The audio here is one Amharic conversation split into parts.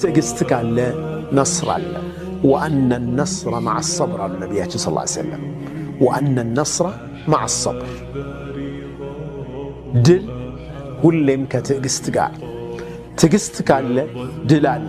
تقستك على نصر الله وأن النصر مع الصبر على النبي صلى الله عليه وسلم وأن النصر مع الصبر دل كل يمكن تقستك على تقستك على دل على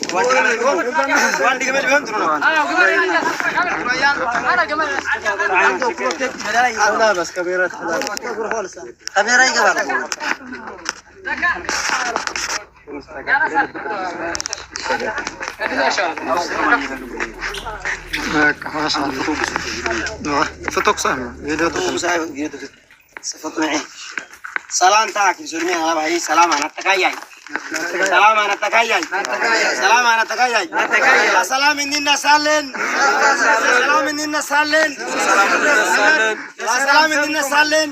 ሰላም ታክ ዙርሚያ ሰላም አናጠቃያይ ሰላም እንነሳለን፣ ሰላም እንነሳለን፣ ሰላም እንነሳለን።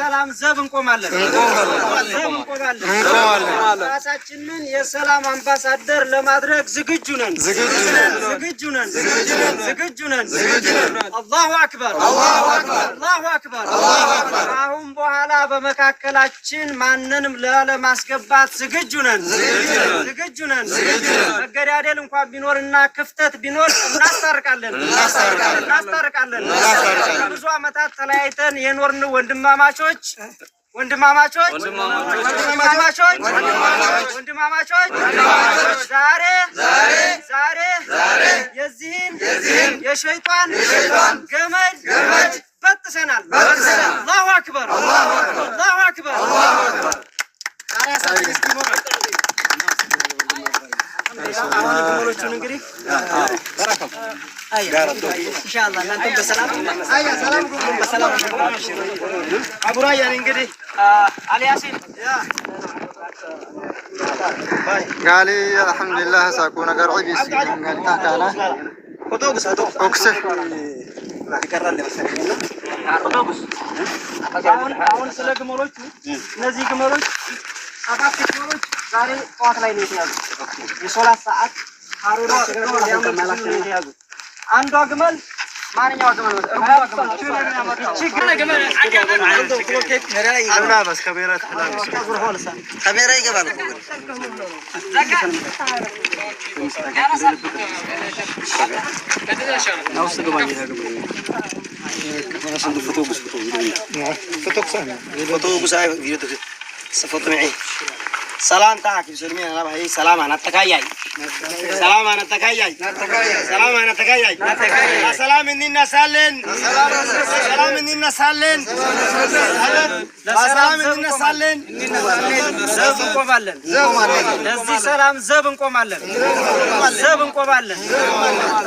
ሰላም ዘብ እንቆማለን፣ ራሳችንን የሰላም አምባሳደር ለማድረግ ዝግጁ ነን፣ ዝግጁ ነን፣ ዝግጁ ነን። አላሁ አክበር፣ አላሁ አክበር። አሁን በኋላ በመካከላ በሀገራችን ማንንም ላለማስገባት ዝግጁ ነን ዝግጁ ነን። መገዳደል እንኳን ቢኖር እና ክፍተት ቢኖር እናስታርቃለን እናስታርቃለን። ብዙ ዓመታት ተለያይተን የኖርን ወንድማማቾች ወንድማማቾች ወንድማማቾች ወንድማማቾች ዛሬ ዛሬ ዛሬ ዛሬ የዚህን የዚህን የሸይጣን ገመድ በጥሰናል በጥሰናል بركم ايوه ان شاء الله انتم بسلام ايوه سلامكم بسلام ابو ريان انقدي علي ياسين قال لي الحمد لله ساكون قرعي بيس قال تحت انا قدوقس قدوقس يقرر لي بس قدوقس አሁን አሁን ስለ ግመሎቹ እነዚህ ግመሎች ሰባት ግመሎች ዛሬ ጠዋት ላይ ነው የተያዙ የሶላት ሰዓት አንዷ ግመል ማንኛው ግመል ሰላም ታኪ ሰላም አናጠቃያይ ሰላም ሰላም እንነሳለን እንነሳለን እንነሳለን። ዘብ እንቆማለን። ለዚህ ሰላም ዘብ እንቆማለን። ዘብ እንቆማለን።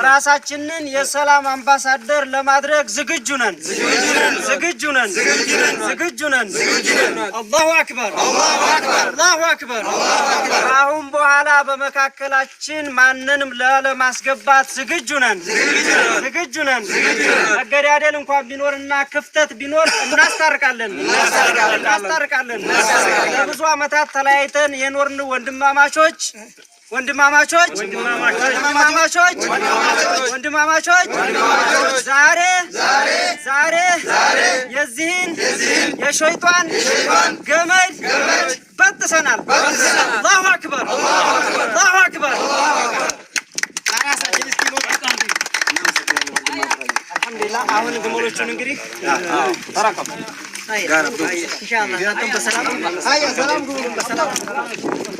ራሳችንን የሰላም አምባሳደር ለማድረግ ዝግጁ ነን። ዝግጁ ነን። ዝግጁ ነን። አላሁ አክበር። አላሁ አክበር። ከአሁን በኋላ በመካከል በመካከላችን ማንንም ላለማስገባት ዝግጁ ነን ዝግጁ ነን። መገዳደል እንኳን ቢኖርና ክፍተት ቢኖር እናስታርቃለን እናስታርቃለን። ለብዙ ዓመታት ተለያይተን የኖርን ወንድማማቾች ወንድማማቾች ወንድማማቾች ወንድማማቾች ዛሬ ዛሬ የዚህን የሸይጧን ገመድ በጥሰናል። Akbar. Alhamdulillah, awan gemuruh cunung kiri. Ya, tarakap. Insya Allah. Salam. Salam. Salam.